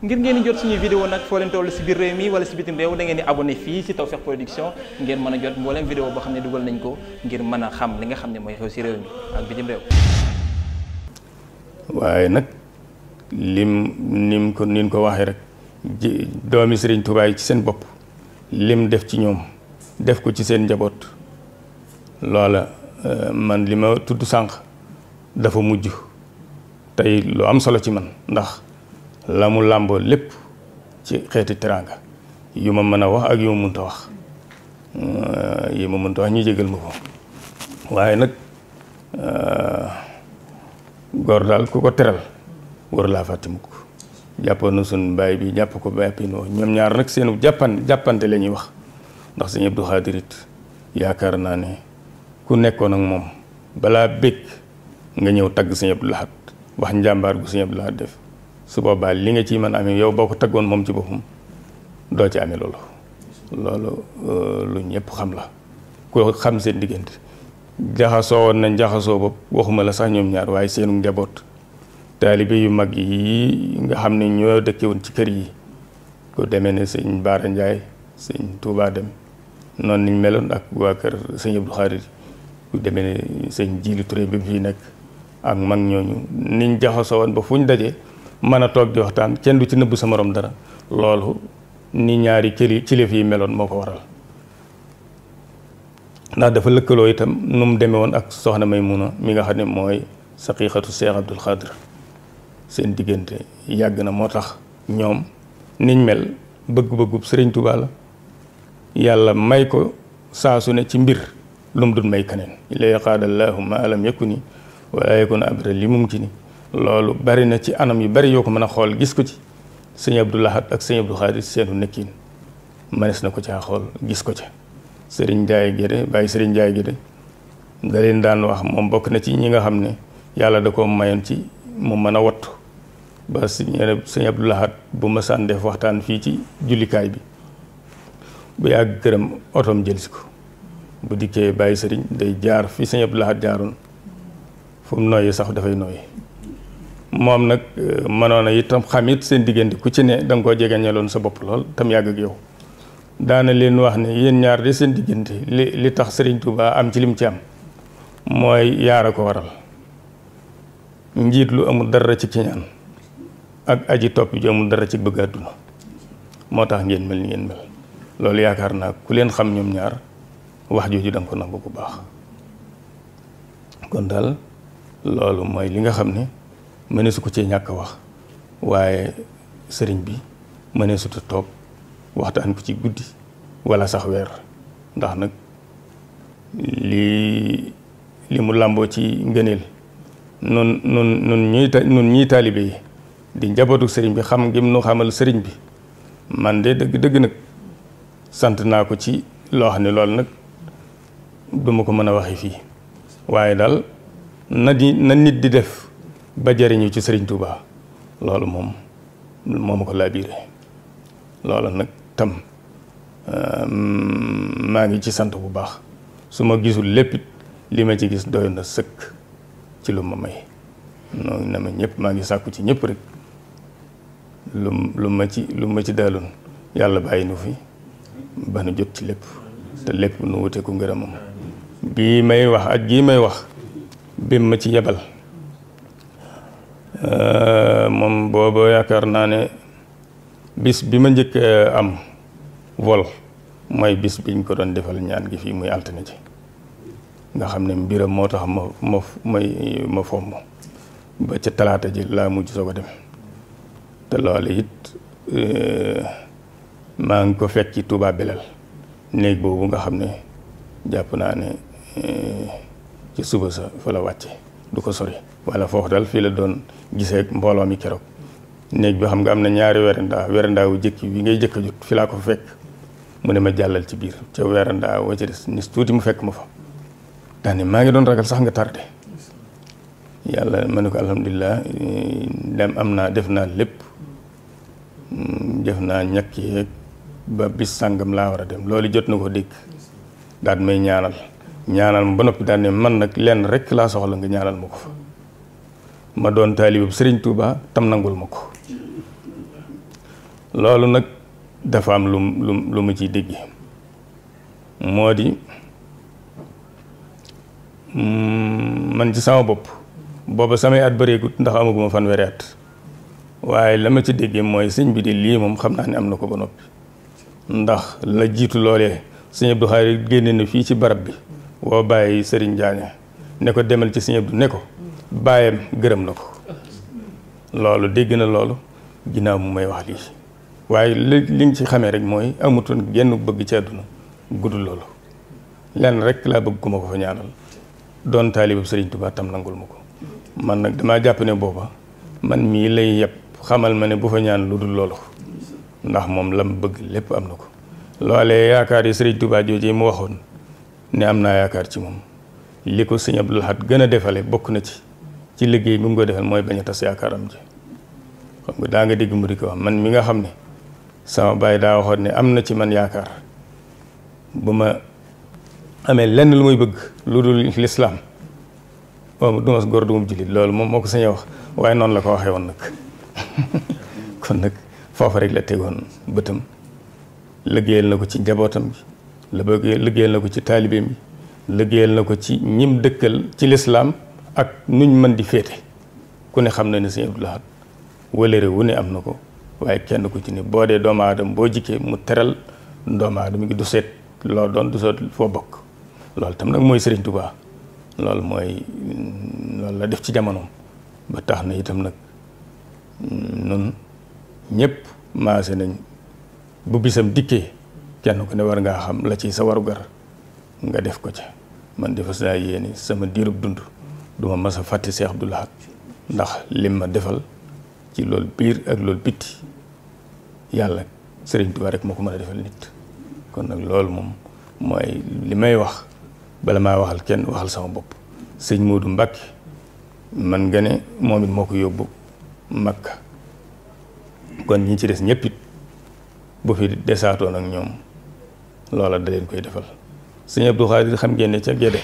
ngir ngeen di jot suñuy vidéo nag foo leen toll si biir réew mi wala si bitim réew da ngeen di abonné fii si Tawfekh Production ngeen mën a jot mbooleem vidéo boo xam ne dugal nañ ko ngir mën a xam li nga xam ne mooy xew si réew mi ak bitim réew waaye nag lim nim ko nin ko waxee rek doomi Sëriñ Tuubaa yi ci seen bopp lim def ci ñoom def ko ci seen njaboot loola euh, man li ma tudd sànq dafa mujj tey lu am solo ci man ndax la mu làmboo lépp ci xeeti teraanga yu ma mën a wax ak yu ma mënta wax euh, yi ma mënta wax ñu jégal ma ko waaye nag euh, góor daal ku ko teral war laa fàtte mukk jàppoon na suñ mbaay bi jàpp ko bàyyi ñoom ñaar nag seenu jàppan jàppante la ñuy wax ndax sëñ Abdou Xaadir it yaakaar naa ne ku nekkoon ak moom balaa bëgg nga ñëw tagg sëñ yëpp Lahad wax njàmbaar bu sëñ Abdou Lahad def su boobaa li nga ciy mën amee yow boo ko taggoon moom ci boppam doo ci amee loolu loolu euh, lu ñëpp xam la ku xam seen diggante jaxasoo woon nañ jaxasoo bopp waxuma la sax ñoom ñaar waaye seenu njaboot taalibe yu mag yi nga xam ne ñoo dëkke woon ci kër yi ku ne sëñ Baara Ndiaye sëñ Touba noonu niñ meloon ak waa kër sëñ Abdou Khadir ku demee ne bi mu fi nekk ak mag ñooñu niñ jaxasoo woon ba fu ñu dajee mën a toog di waxtaan kenn du ci nëbbu sa morom dara loolu ni ñaari cili cilif yi meloon moo ko waral ndax dafa lëkkaloo itam nu mu demee ak soxna may Maymuna mi nga xam ne mooy sa saqiixatu Seex Abdul Xaadir seen diggante yàgg na moo tax ñoom niñ mel bëgg-bëggub Sëriñ Tuubaa yàlla may ko saasu ne ci mbir lu mu dul may keneen la yaqaadallaahu ma alam yakuni wala yakun abra li mumkini loolu bari na ci anam yu bari yoo ko mën a xool gis ko ci sëñ Abdou Lahad ak sëñ Abdou Khadir seenu nekkin mënees na ko caa xool gis ko ca sëriñ Ndiaye Guède bàyyi sëriñ Ndiaye Guède da daan wax moom bokk na ci ñi nga xam ne yàlla da ko mayoon ci mu mën a wattu ba sëñ Abdou Lahad bu ma saan def waxtaan fii ci jullikaay bi bu yàgg këram otoom jëlsi ko bu dikkee bàyyi sëriñ day jaar fi sëñ Abdou Lahad jaaroon fu mu nooyee sax dafay nooyee moom nag euh, mënoon na itam xam it seen diggante ku ci ne danga nga koo jegeñaloon sa bopp lool tam yàgg ak yow daana leen wax ne yéen ñaar de seen diggante li li tax Serigne Touba am ci lim ci am mooy yaar a ko waral njiit lu amul dara ci kiñaan ak aji topp ju amul dara ci bëgg àdduna moo tax ngeen mel ni ngeen mel loolu yaakaar naa ku leen xam ñoom ñaar wax jooju danga ko nangu bu baax kon daal loolu mooy li nga xam ne mënee su ko cee ñàkk wax waaye sëriñ bi mënee sutu toog waxtaan ko ci guddi wala sax weer ndax nag lii li mu làmboo ci ngëneel nun nun nun ñuy nun ñuy taalibe yi di njabootu sëriñ bi xam ngim nu xamal sëriñ bi man de dëgg dëgg nag sant naa ko ci loo xam ne loolu nag duma ko mën a waxe fii waaye daal na di na nit di def ba jariñu ci sëriñ Touba loolu moom moom ma ko laa laabiire loola nag tam euh, maa ngi ci sant bu baax su ma gisul lépp li ma ci gis doy na sëkk ci lu ma may noonu na ma ñëpp maa ngi sàkku ci ñëpp rek lu lu ma ci lu ma ci daaloon yàlla bàyyi nu fi ba nu jot ci lépp te lépp nu wute ku ngërëmam bii may wax ak gii may wax bi ma ci yebal Euh, moom booba yaakaar naa ne bis bi ma njëkk euh, am vol mooy bis biñ ko doon defal ñaan gi fii muy altine ji nga xam ne mbiram moo tax ma ma may ma fomm ba ca talaata ji laa mujj soo ko dem te loolu it euh, maa ngi ko fekk ci Touba Belel néeg boobu nga xam ne jàpp naa ne ci suba sa fa la wàcce du ko sore wala foofu daal fii la doon gisee mbooloo mi keroog néeg bi xam nga am na ñaari werandaa werandaa wu jëkk bi ngay jëkk a jot fi laa ko fa fekk mu ne ma jàllal ci biir ca werandaa wa ci des ni tuuti mu fekk ma fa daane maa ngi doon ragal sax nga tardé yàlla ma ne ko alhamdulilah dem am naa def naa lépp def naa ñàkk yeeg ba bis sàngam laa war a dem loolu jot na ko dégg daat may ñaanal ñaanal ma ba noppi daal man nag lenn rek laa soxla nga ñaanal ma ko fa ma doon taalibu sëriñ Touba tam nangul ma ko loolu nag dafa am lu lu lu ciy dégg moo di mm, man sama bopp booba samay at bëreegut ndax amaguma fanweeri at waaye la ma ci déggee mooy sëñ bi de lii moom xam naa ne am na ko ba noppi ndax la jiitu loolee sëñ Abdou Khadre génne na fii ci barab bi woo bàyyi Serigne Diagne ne ko demal ci Serigne Abdou ne ko bàyyam gërëm na ko loolu dégg na loolu ginnaaw mu may wax lii waaye li li nga ci xamee rek mooy amutoon genn bëgg ci àdduna guddul loolu lenn rek laa bëgg ku ma ko fa ñaanal doon taalibu Serigne Touba tam nangul ma ko man nag damaa jàpp ne booba man mii lay yëpp xamal ma ne bu fa ñaan lu dul loolu ndax moom lam bëgg lépp am na ko loolee yaakaar yi Serigne Touba jooju mu waxoon ne am naa yaakaar ci moom li ko sëñ Abdul Ahad gën a defale bokk na ci ci liggéey bi mu ko defal mooy bañ a tas yaakaaram ji xam nga daa nga dégg mu di ko wax man mi nga xam ne sama baay daa waxoon ne am na ci man yaakaar bu ma amee lenn lu muy bëgg lu dul lislaam waaw du ma du ma jullit loolu moom moo ko sañee wax waaye noonu la ko waxee woon nag kon nag foofa rek la tegoon bëtam liggéeyal na ko ci njabootam bi la bëggee liggéeyal na ko ci taalibeem bi liggéeyal na ko ci ñim dëkkal ci lislaam ak nuñ mën di féete ku ne xam na ni sëñ Abdou Lahad wëlëre wu ne am na ko waaye kenn ku ci ne boo dee doomu aadama boo jikkee mu teral doomu aadama ngi du seet loo doon du seet foo bokk loolu tam nag mooy Sëriñ Tuubaa loolu mooy loolu la def ci jamono ba tax na itam nag nun ñëpp maase nañ bu bisam dikkee kenn ku ne war ngaa xam la ci sa warugar nga def ko ca man defa saa yéene sama diirub dund duma mas a fàtte Cheikh Abdou Lahad ndax lim ma defal ci loolu biir ak loolu bitti yàlla Sëriñ Tuubaa rek moo ko mën a defal nit kon nag loolu moom mooy li may wax bala maa waxal kenn waxal sama bopp sëñ Moodu Mbàkke man nga ne moom it moo ko yóbbu Makka kon ñi ci des ñëpp it bu fi desaatoon ak ñoom loola da leen koy defal sëñ Abdou Khadir xam ngeen ne ca Gédé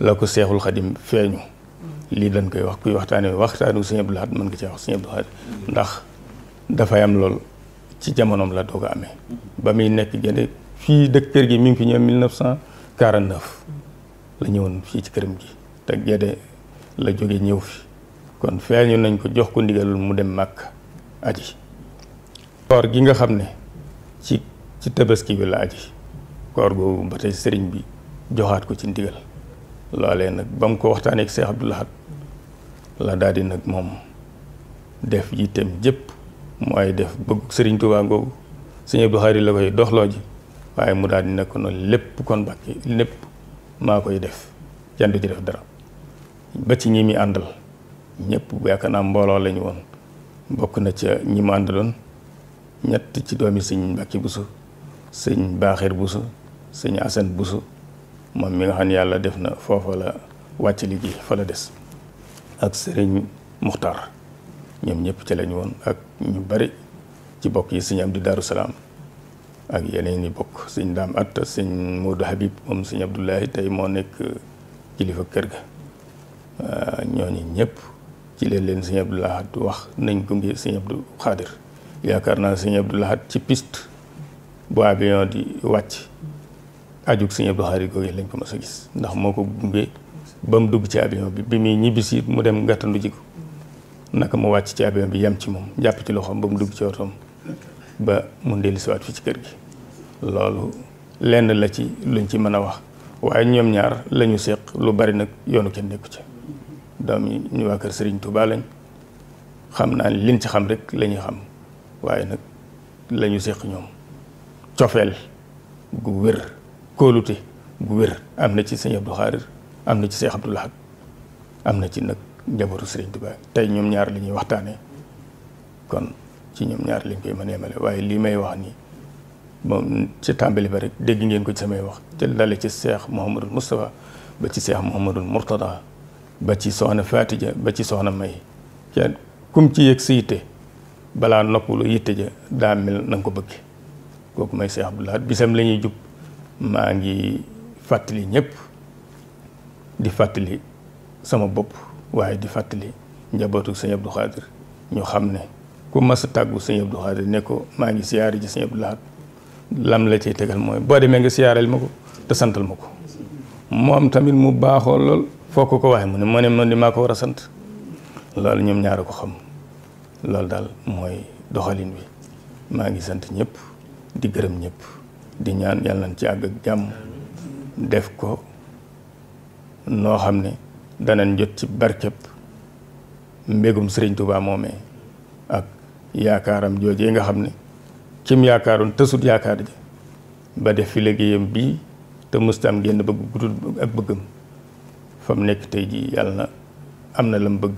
la ko seexul xadim feeñu lii dañ koy wax kuy waxtaanee waxtaanu sëñ Abdou Khadir mën nga cee wax sëñ Abdou Khadir ndax dafay am lool ci jamonoom la doog a amee ba muy nekk Gédé fii dëkk kër gi mi ngi fi ñëw 1949 la ñëwoon fii ci këram gi te Gédé la jóge ñëw fi kon feeñu nañ ko jox ko ndigalul mu dem màkk aji koor gi nga xam ne ci ci tabaski bi la aji koor googu ba tey sëriñ bi joxaat ko ci ndigal loolee nag ba mu ko waxtaanee ak Cheikh Abdou Lahad la daal nag moom def yitteem jëpp mooy def bëgg sëriñ Tuubaa googu sëñ Abdou Khadre la koy doxloo ji waaye mu daal di nekk noonu lépp kon bàkke lépp maa koy def jandu ci def dara ba ci ñi muy àndal ñëpp bu yaakaar naa mbooloo lañu woon bokk na ca ñi àndaloon ñett ci doomi sëñ Mbàkke Buso sëñ Baaxir Bousso sëñ Assane Bousso moom mi nga xam yàlla def na foofa la wàcc liggéey fa la des ak sëriñ Muxtaar ñoom ñëpp ci lañu woon ak ñu bari ci bokk yi sëñ Abdou Darou Salaam ak yeneen i bokk sëñ Daam Atta sëñ Modou Habib moom sëñ Abdoulahi tey moo nekk kilifa kër ga ah, ñooñu ñëpp ci leen leen sëñ Abdou wax nañ gunge sëñ Abdou Xaadir yaakaar naa sëñ Abdou ci piste bu avion di wàcc ajug Sëñ Abdou Khadre googu lañ ko mos a gis ndax moo ko gungee ba mu dugg ci avion bi bi muy ñibbisi mu dem gàttandu ji ko naka mu wàcc ci avion bi yem ci moom jàpp ci loxoom ba mu dugg ci otoom ba mu dellusiwaat fi ci kër gi loolu lenn la ci luñ ci mën a wax waaye ñoom ñaar lañu séq lu bari nag yoonu kenn nekku ci doom yi ñu waa kër Serigne Touba xam naa liñ ci xam rek lañuy xam waaye nag lañu séq ñoom cofeel gu wér kóolute gu wér am na ci sëñ Abdou na ci Seex Abdul am na ci nag njabootu Sëriñ Tuubaa tey ñoom ñaar li ñuy waxtaanee kon ci ñoom ñaar lañ koy mën a yemale waaye lii may wax nii moom ci tàmbali ba rek dégg ngeen ko ci samay wax te dale ci Seex Mouhamadul Moustapha ba ci Seex Mouhamadul Mourtada ba ci soxna Fatija ba ci soxna May kenn kum ci yëg sa yitte balaa noppalu yitte ja daa mel na ko bëgg kooku mooy Cheikh bu laat bisam la ñuy jub maa ngi fàttali ñëpp di fàttali sama bopp waaye di fàttali njabootu sëñ Abdou Khadir ñu xam ne ku mas a tàggu sëñ Abdou Khadir ne ko maa ngi siyaare ji sëñ Abdoul Ahad lam la cay tegal mooy boo demee nga siyaareel ma ko te santal ma ko moom tamit mu baaxoo lool foo ko ko waxee mu ne moo ne man maa ko war a sant loolu ñoom ñaar a ko xam loolu daal mooy doxalin wi maa ngi sant ñëpp di gërëm ñëpp di ñaan yàlla nañ ci àgg jàmm def ko noo xam ne danañ jot ci barkeb mbégum sëriñ Touba moomee ak yaakaaram joojee nga xam ne kim yaakaaroon tësut yaakaar ji ba def fi liggéeyam bii te mustaam génn bëgg gudul ak bëggam fa nekk tey jii yàlla na am na lam bëgg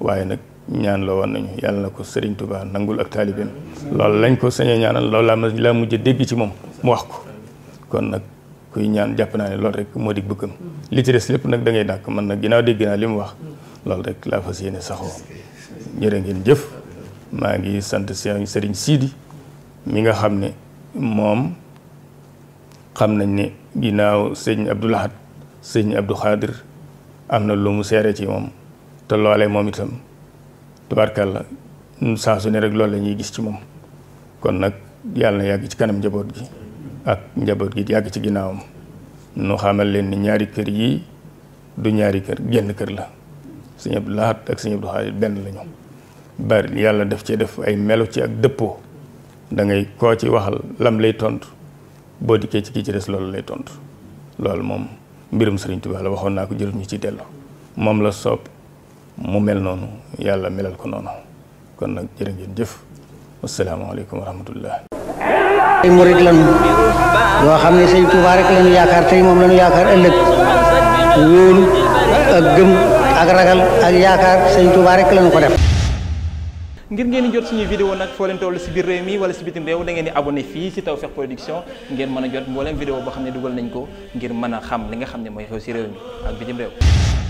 waaye nag ñaan la woon nañu yàlla na ko sëriñ Touba nangul ak taalibeem lool lañ ko sañee ñaanal loolu laa ma laa mujj dégg ci moom mu wax ko kon nag kuy ñaan jàpp naa ne loolu rek moo di bëggam li ci des lépp nag da ngay dàkk man nag ginnaaw dégg naa li mu wax loolu rek laa fas yéene saxoo jërë jëf maa ngi sant Serigne Sidi mi nga xam ne moom xam nañ ni ginnaaw sëñ Abdoul Ahad sëñ Abdou am na lu mu seere ci moom te loolee moom itam. tubaarkàlla saa su ne rek loolu la ñuy gis ci moom kon nag yàlla na yàgg ci kanam njaboot gi ak njaboot gi yàgg ci ginnaawam nu xamal leen ni ñaari kër yi du ñaari kër genn kër la sëñ Abdou Lahad ak sëñ Abdou Khadir benn lañu bari yàlla def ci def ay melo ci ak dëppoo dangay ngay koo ci waxal lam lay tontu boo dikkee ci kii ci des loolu lay tontu loolu moom mbirum sëriñ Tuubaa la waxoon naa ko jërëm ñu ci dellu moom la soob mu mel noonu yàlla melal ko noonu kon nag jërë ngeen jëf wasalaamaaleykum wa rahmatullah ay yoo xam ne sëñ Tuubaa rek lañu yaakaar tey moom lañu yaakaar ëllëg wóolu ak gëm ak ragal ak yaakaar sëñ Tuubaa rek lañu ko def ngir ngeen di jot suñuy vidéo nag foo leen toll si biir réew mi wala si bitim réew da ngeen di abonné fii si Tawfekh Production ngeen mën a jot mbooleem vidéo boo xam ne dugal nañ ko ngir mën a xam li nga xam ne mooy xew si réew mi ak bitim réew